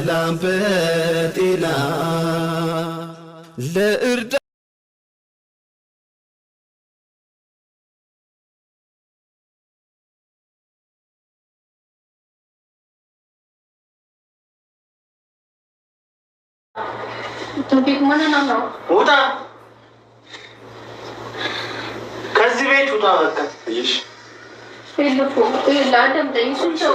በሰላም በጤና ለእርዳ ትንቢት ምንን ነው? ውጣ ከዚህ ቤት ውጣ። በቃ ይሽ ይልቁ ይላ አደምጠኝ ስንተው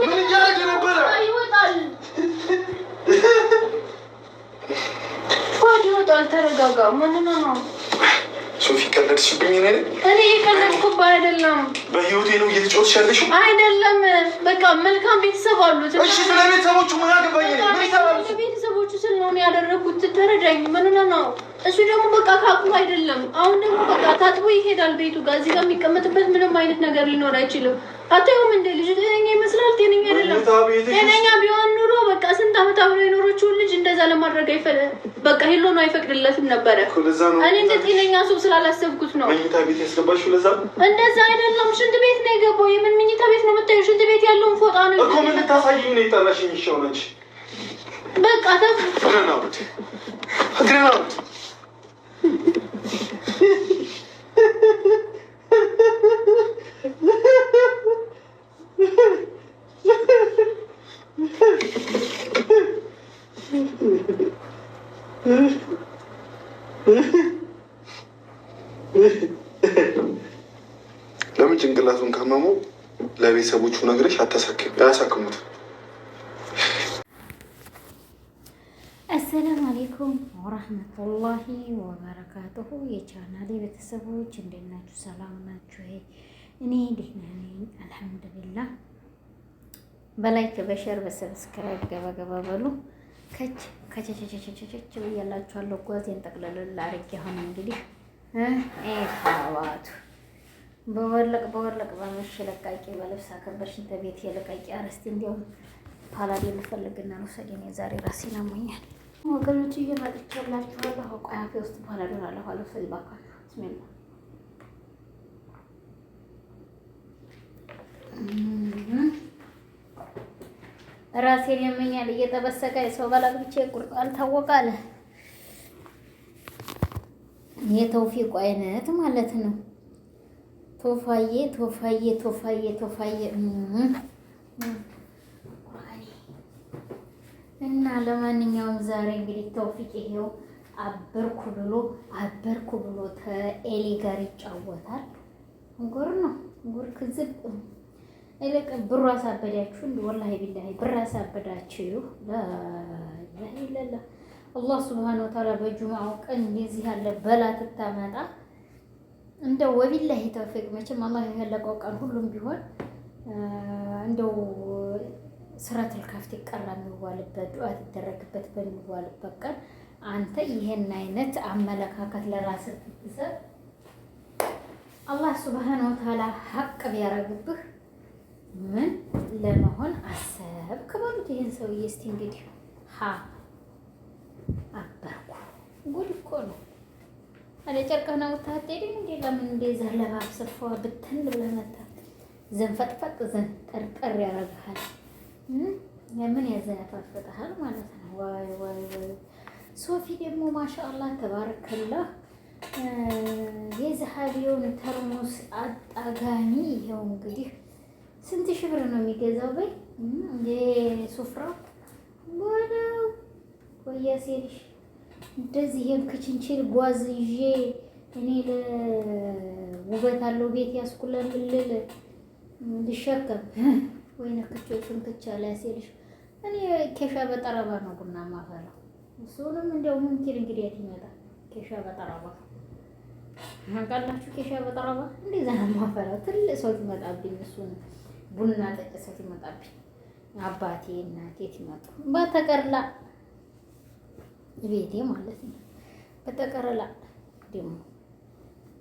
ምን እያደረገ ነበረ? ይወጣል። ተረጋጋ። ምንና ነው ሶፊ ቀለድሽብኝ? እኔ የቀለድኩብህ አይደለም። በህይወቴ ነው እየተጫወትሽ ያለሽው አይደለም። በቃ መልካም ቤተሰብ አሉት። እሺ፣ ስለ ቤተሰቦቹ ምን አገባኝ? ቤተሰቦቹ ስለሆነ ያደረኩት። ተረዳኝ። ምንና ነው እሱ ደግሞ በቃ ከአቅሙ አይደለም። አሁን ደግሞ በቃ ታጥቦ ይሄዳል ቤቱ ጋር። እዚህ ጋር የሚቀመጥበት ምንም አይነት ነገር ሊኖር አይችልም። አታየውም? እንደ ልጅ ጤነኛ ይመስላል። ጤነኛ አይደለም። ጤነኛ ቢሆን ኑሮ በቃ ስንት አመት አብሮ የኖረችውን ልጅ እንደዛ ለማድረግ አይፈለ በቃ ሄሎ ነው አይፈቅድለትም ነበረ። እኔ እንደ ጤነኛ ሰው ስላላሰብኩት ነው። መኝታ ቤት ያስገባሽው ለዛ እንደዛ አይደለም። ሽንት ቤት ነው የገባው። የምን መኝታ ቤት ነው የምታየው? ሽንት ቤት ያለውን ፎጣ ነው እኮ። ምን ልታሳይኝ ነው የጠራሽኝ? ይሻው ነች በቃ ተ ግረናውድ ግረናውድ ለቤተሰቦቹ ነግረሽ አያሳክሙት። አሰላሙ አሌይኩም ወረህመቱላሂ ወበረካቱሁ። የቻናሌ ቤተሰቦች እንዴት ናችሁ? ሰላም ናችሁ? እኔ ደህና ነኝ አልሐምዱሊላህ። በላይክ በሸር በሰብስክራይብ ገባገባ በሉ ከች ከቸቸቸቸቸች ብያላችኋለሁ። ጓዜን ጠቅለል አድርጌ አሁን እንግዲህ ይፋዋቱ በወለቅ በወለቅ በመሽ ለቃቂ በልብስ አከበርሽኝ ተቤት የለቃቂ አረስቲ እንዲያውም ፓላዴ ልፈልግና ነው ሰገን የዛሬ ራሴን አሞኛል። ወገኖች እየመጥቸላችኋለሁ ቆይ ውስጥ በኋላ ዶናለሁ አለሁ ሰዚ ባካ ስሜላ ራሴን ያመኛል እየተበሰቀ የሰው ባላግብቼ ቁርጣል ታወቃለ የተውፊቁ አይነት ማለት ነው። ቶፋዬ ቶፋዬ ቶፋዬ ቶፋዬ እና ለማንኛውም ዛሬ እንግዲህ ተውፊቅ ይሄው አበርኩ ብሎ አበርኩ ብሎ ተኤሊ ጋር ይጫወታል። ጉር ነው ጉር ክዝብ ይልቅ ብሩ አሳበዳችሁ እንዲ ወላሂ ቢላሂ ብር አሳበዳችሁ። ላላ አላህ ስብሃነ ወተዓላ በጁምዓው ቀን እንደዚህ ያለ በላ ትታመጣ እንደው ወቢላሂ ተውፊቅ መቼም አላህ የፈለገው ቀን ሁሉም ቢሆን እንደው ስረቱል ካፍት ይቀራ የሚዋልበት ዱዓ ይደረግበት በሚዋልበት ቀን አንተ ይሄን አይነት አመለካከት ለራስህ ብትሰጥ አላህ ሱብሃነሁ ወተዓላ ሀቅ ቢያረግብህ ምን ለመሆን አሰብክ? በሉት ይህን ሰውዬ እስቲ እንግዲህ ሀ አበርኩ ጉድ እኮ ነው። አለ ጨርቅህን አውጥተህ አትሄድም እንዴ? ለምን እንደዛ ለባብሰህ ፏ ብትን ብለህ መጣህ? ዘንፈጥፈጥ ዘን ቀርቀር ለምን ያዘ ማለት ነው። ዋይ ዋይ ዋይ! ሶፊ ደግሞ ማሻአላህ ተባረከላህ። የዘሀቢውን ተርሙስ አጣጋሚ ይኸው እንግዲህ ስንት ሺህ ብር ነው የሚገዛው? በይ የሱፍራው ወላው ወያሴልሽ እንደዚህ ይሄን ክችንችል ጓዝ ይዤ እኔ ለውበት አለው ቤት ያስኩላል ልል ልሸከም ወይ ነክቼ ሽንክቻ ላይ ሲልሽ እኔ ኬሻ በጠረባ ነው ቡና ማፈላው። እሱንም እንደው ምንኪል እንግዲህ የት ይመጣል ኬሻ በጠረባ አቃላችሁ ኬሻ በጠረባ እንደዛ ነው ማፈላው። ትልቅ ሰው ይመጣብኝ እሱን ቡና ጠጭ ሰው ይመጣብኝ አባቴ እናቴ ይመጡ ባተቀርላ ቤቴ ማለት ነው። በተቀረላ ደግሞ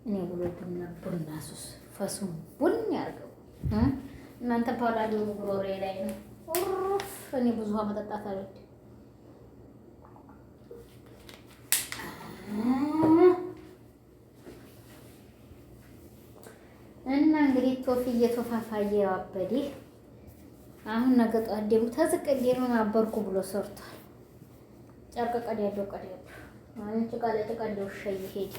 እኔ ብሎ ቡና ቡና ሱስ ፈሱን ቡን ያርገው እናንተ ፓላዲ ጉሮሬ ላይ ነው። ኡፍ እኔ ብዙ ውሃ መጠጣት አልወድም። እና እንግዲህ ቶፊ እየተፋፋየ ያበዴ አሁን ነገ ጧት ደግሞ ተዝቅ እንዴ ነው አበርኩ ብሎ ሰርቷል። ጨርቅ ቀድ ያለው ቀድ ያለው አሁን ጭቃ ለጭቃ እንደው ውሻ ይሄድ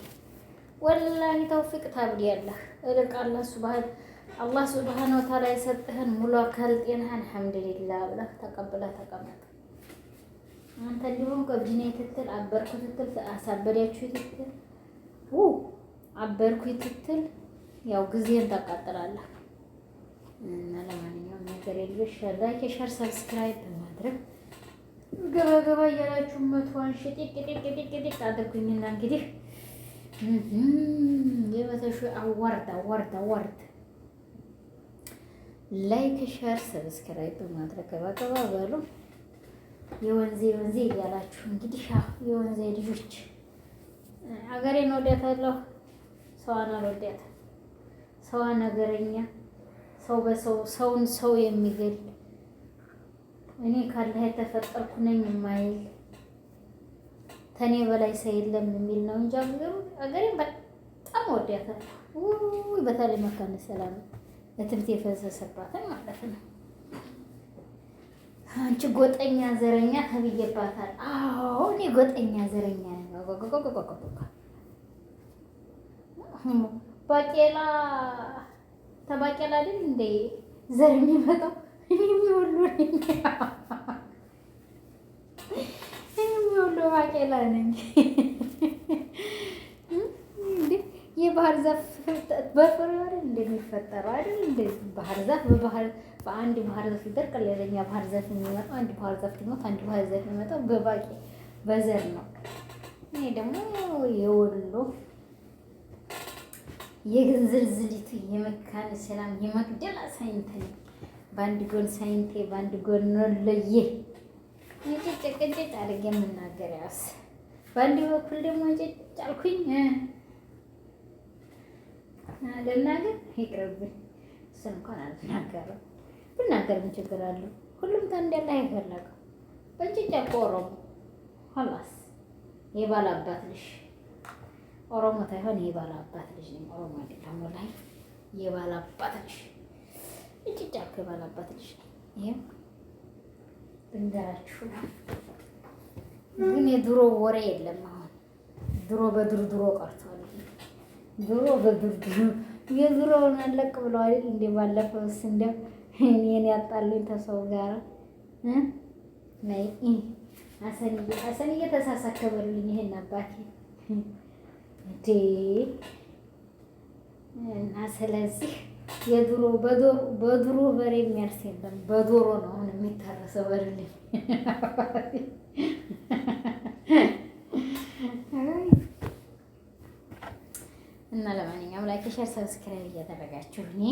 ወላሂ ተውፊቅ ታብዲያለህ እልቅ አላህ ሱብሃን አላህ ሱብሃነሁ ወተዓላ የሰጥህን ሙሉ አካል ጤናህን አልሐምዱሊላህ ብለህ ተቀብለህ ተቀመጥ። አንተ እንዲሁም ቀብድኔ ትትል አበርኩ ትትል አሳበዳችሁ ትትል ው አበርኩ ትትል ያው ጊዜን ታቃጥላለህ እና ለማንኛውም ነገር የለሽ ላይክ፣ ሸር ሰብስክራይብ በማድረግ ገባ ገባ እያላችሁ መቷን ሽጢቅጢቅጢቅጢቅ አድርጉኝና እንግዲህ የበተሹ አዋርድ አዋርድ አዋርድ ላይክ ሸር ሰብስክራይብ በማድረግ ገባ ገባ በሉ። የወንዜ የወንዜ እያላችሁ እንግዲህ የወንዜ ልጆች አገሬን ወዳታለሁ። ሰዋን አልወዳት ሰዋ ነገረኛ ሰው በሰው ሰውን ሰው የሚገል እኔ ካላህ የተፈጠርኩ ነኝ የማይል ተኔ በላይ ሰው የለም የሚል ነው እንጂ አምገሩ አገሬን በጣም ወዲያታለሁ። ውይ በተለይ መካነ ሰላም ለትብት የፈሰሰባትን ማለት ነው። አንቺ ጎጠኛ ዘረኛ ተብዬባታል። አዎ እኔ ጎጠኛ ዘረኛ ነኝ። ባቄላ ተባቄላ አይደል እንደ ዘር የሚመጣው የሚወሉ የሚወሉ ባቄላ ነኝ። የባህር ዛፍ በፍሬ እንደሚፈጠረው አይደል? እንደዚህ ባህር ዛፍ በባህር በአንድ ባህር ዛፍ ሲደርቅ ሌላኛ ባህር ዛፍ የሚመጣው አንድ ባህር ዛፍ ሲሞት አንድ ባህር ዛፍ የሚመጣው በባቄ በዘር ነው። ይሄ ደግሞ የወሎ የግንዝልዝሊቱ የመካነ ሰላም የመቅደላ ሳይንት ነው። በአንድ ጎን ሳይንቴ በአንድ ጎን ኖሎዬ ጭጭ ቅጭጭ አድርጌ የምናገር ያውስ በአንድ በኩል ደግሞ ጭጭ አልኩኝ ልናገር ይቅርብኝ። እሱን እንኳን አልናገርም። ብናገር ምን ችግር አለው? ሁሉም ታንድ ያለ አይፈለግም። እኮ ኦሮሞ ኋላስ የባላባት ልጅ ኦሮሞ ታይሆን የባላባት ልጅ ኦሮሞ አይደለም ወላሂ የባላባት ልጅ አድርጎ የባላባት ልጅ ይህም ልንገራችሁ። ግን የድሮ ወሬ የለም። አሁን ድሮ በድር ድሮ ቀርቷል። ድሮ በድር ድሮ የድሮውን አለቅ ብለዋል። እንደ ባለፈውስ እንደው እኔን ያጣሉኝ ተሰው ጋር አሰንዬ ተሳሳከበሉኝ። ይሄን አባቴ እንዴ እና ስለዚህ የድሮ በድሮ በሬ የሚያርስ የለም። በዶሮ ነው አሁን የሚታረሰው በሬ። እና ለማንኛውም ላይክ፣ ሸር፣ ሰብስክራይብ እያደረጋችሁ እኔ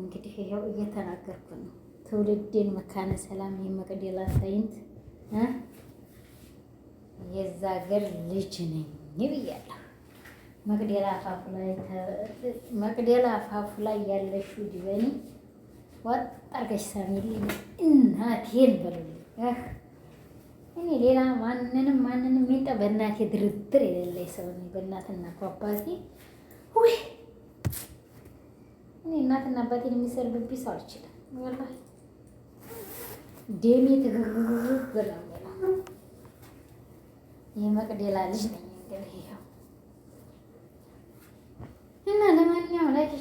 እንግዲህ ይኸው እየተናገርኩ ነው። ትውልድን መካነ ሰላም የመቅደላ ሳይንት የዛ ሀገር ልጅ ነኝ ብያለሁ። መቅደላ አፋፉ ላይ መቅደላ አፋፉ ላይ ያለሽው ጅበኒ ወጥ አርገሽ ሳሚልኝ እናቴን በሉልኝ። እኔ ሌላ ማንንም ማንንም ሚንጠ በእናቴ ድርድር የሌለኝ ሰው ነኝ። በእናትና አባቴ ወይ እኔ እናትና አባቴን የሚሰርብብኝ ሰው አልችልም። ወላሂ ደሜ ትግግግግ ብላ ይህ መቅደላ ልጅ ነኝ እንግዲህ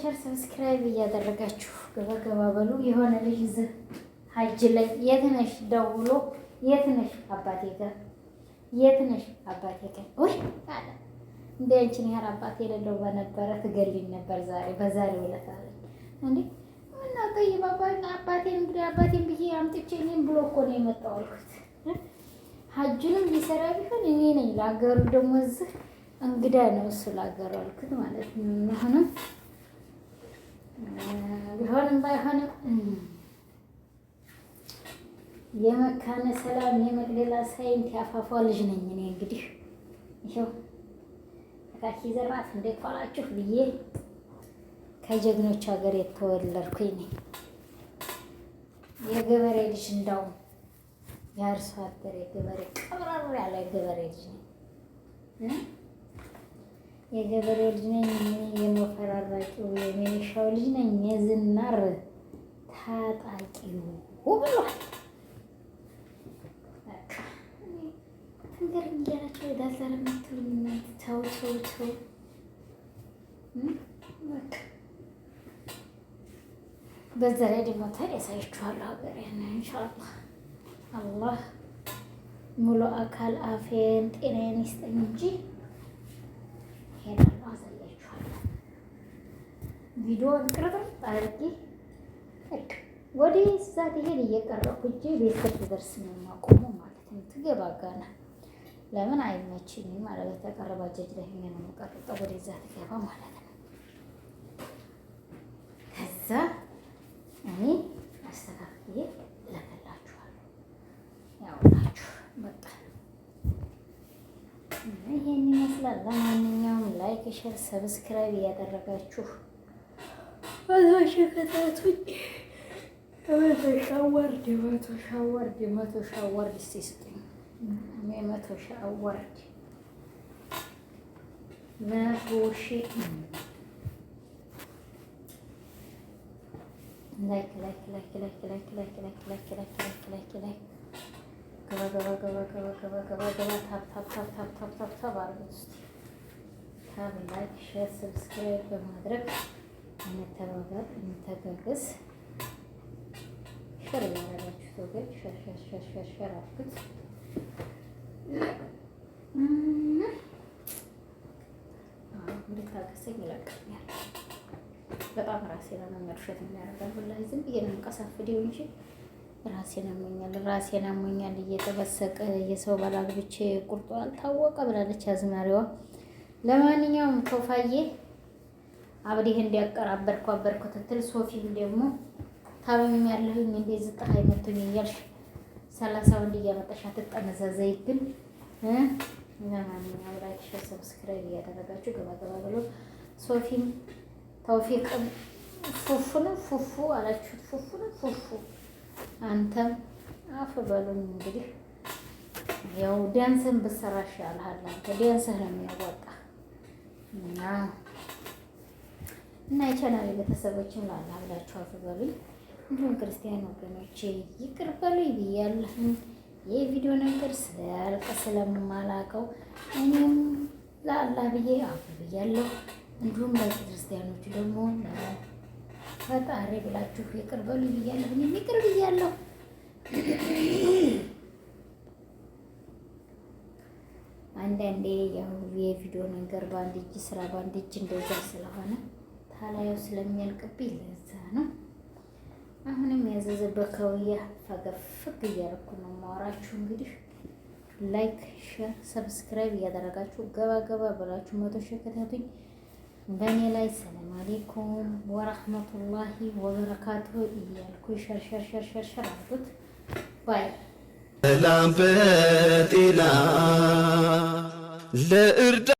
ሸር፣ ሰብስክራይብ እያደረጋችሁ ገባ ገባ በሉ። የሆነ ልጅ እዚህ ሀጅ ላይ የትነሽ ደውሎ የትነሽ አባቴ ጋር የትነሽ አባቴ ጋር ወይ አለ እንደ አንቺን ያህል አባቴ የሌለው በነበረ ትገልኝ ነበር ዛሬ በዛሬ ዕለት አለ እንዴ ምነው ጠይብ አባቴን እንግዲህ አባቴን ብዬ አምጥቼ እኔም ብሎ እኮ ነው የመጣው አልኩት። ሀጁንም ሊሰራ ቢሆን እኔ ነኝ ለሀገሩ ደግሞ እዚህ እንግዳ ነው እሱ ለሀገሩ አልኩት ማለት ነው። አሁንም ቢሆንም ባይሆንም የመካነ ሰላም የመቅደላ ሳይንት ያፋፏ ልጅ ነኝ እኔ እንግዲህ ይኸው ታኪ ዘራት እንዴት ዋላችሁ ብዬ ከጀግኖች ሀገር የተወለድኩኝ ነኝ። የገበሬ ልጅ እንዳውም የአርሶ አደር የገበሬ ቀብራሩ ያለ የገበሬ ልጅ ነኝ። የገበሬው ልጅ ነኝ፣ የሞፈር አራቂው፣ የሚኒሻው ልጅ ነኝ፣ የዝናር ታጣቂው ብሏል። ነገር እያላቸው ወዳዛር የምትሉኝ ተው ተው ተው። በዛ ላይ ደግሞ ታዲያ ያሳያችኋለሁ ሀገሬን ኢንሻአላህ አላህ ሙሉ አካል አፌን ጤናዬን ይስጠኝ እንጂ ቪዲዮን ቅርጥር አድርጌ ልክ ወዲህ እዛ ትሄድ እየቀረው እጄ ቤት ስትደርስ ነው የማቆመው ማለት ነው። ትገባ ጋና ለምን አይመችኝም ማለት የተቀረባ ጀጅ ላይ ነው የምቀርጠው። ወደዛ ትገባ ማለት ነው። ከዛ እኔ አስተካክዬ እለፈላችኋለሁ። ያውላችሁ በቃ ይሄን ይመስላል። ለማንኛውም ላይክ፣ ሸር፣ ሰብስክራይብ እያደረጋችሁ መቶ መቶ መቶ መቶ እስኪ ስጡኝ። መቶ መቶ ላይክ ላይክ ላይክ ላይክ ላይክ ላይክ ላይክ ላይክ ላይክ ላይክ ላይክ ላይክ ገባ ገባ ገባ ገባ ገባ ገባ ገባ ታብ ታብ ታብ ታብ ታብ ታብ አድርጉት ታብ ላይክ ሼር ሰብስክራይብ በማድረግ እንተባበር፣ እንተጋገዝ። ሸር ያደረጋችሁ ሰዎች ሸርሸርሸርሸር አድርጉት። እንድታገሰኝ ይለቀኛል። በጣም ራሴ ለመመርሸት የሚያደርጋል። ወላሂ ዝም ብዬ ነው የምቀሳፍደው እንጂ ራሴን አሞኛል፣ ራሴን አሞኛል እየተበሰቀ የሰው ባላግብቼ ቁርጦ አልታወቀ ብላለች አዝማሪዋ። ለማንኛውም ቶፋዬ አብዲህ እንዲያቀራበርኩ አበርኩ ትትል ሶፊም ደግሞ ታመም ያለሁኝ እንደዚህ ፀሐይ መቶኝ እያልሽ ሰላሳ ወንድ እያመጣሽ አትጠመዘዘይ። ግን ለማንኛውም ላይክ፣ ሼር፣ ሰብስክራይብ እያደረጋችሁ ገባ ገባ ብሎ ሶፊም ተውፊቅም ፉፉንም ፉፉ አላችሁት። ፉፉንም ፉፉ አንተም አፍ በሉኝ እንግዲህ ያው አንተ ነው የሚያዋጣ እና የቻናል ቤተሰቦችን ላላ ብላችሁ አፍ እንዲሁም ክርስቲያን ወገኖቼ ይቅር በሉኝ ይህ ቪዲዮ ነገር ስያልቅ ስለማላቀው እኔም ላላ ብዬ አፍ ብያለሁ። እንዲሁም ለክርስቲያኖቹ ደግሞ ፈጣሪ ብላችሁ ይቅር በሉኝ ብያለሁ። እኔም ይቅር ብያለሁ። አንዳንዴ የቪዲዮ ነገር በአንድ እጅ ስራ በአንድ እጅ እንደዛ ስለሆነ ከላዩ ስለሚያልቅብኝ ለዛ ነው። አሁንም ያዘዘ በከውያ ፈገፍግ እያደረኩ ነው ማወራችሁ። እንግዲህ ላይክ፣ ሼር፣ ሰብስክራይብ እያደረጋችሁ ገባ ገባ ብላችሁ መቶ ሺህ በእኔ ላይ ሰላም አሌይኩም ወረህመቱላሂ ወበረካቱ እያልኩ ሸርሸርሸርሸርሸር አሉት ባይ ሰላም በጤና ለእርዳ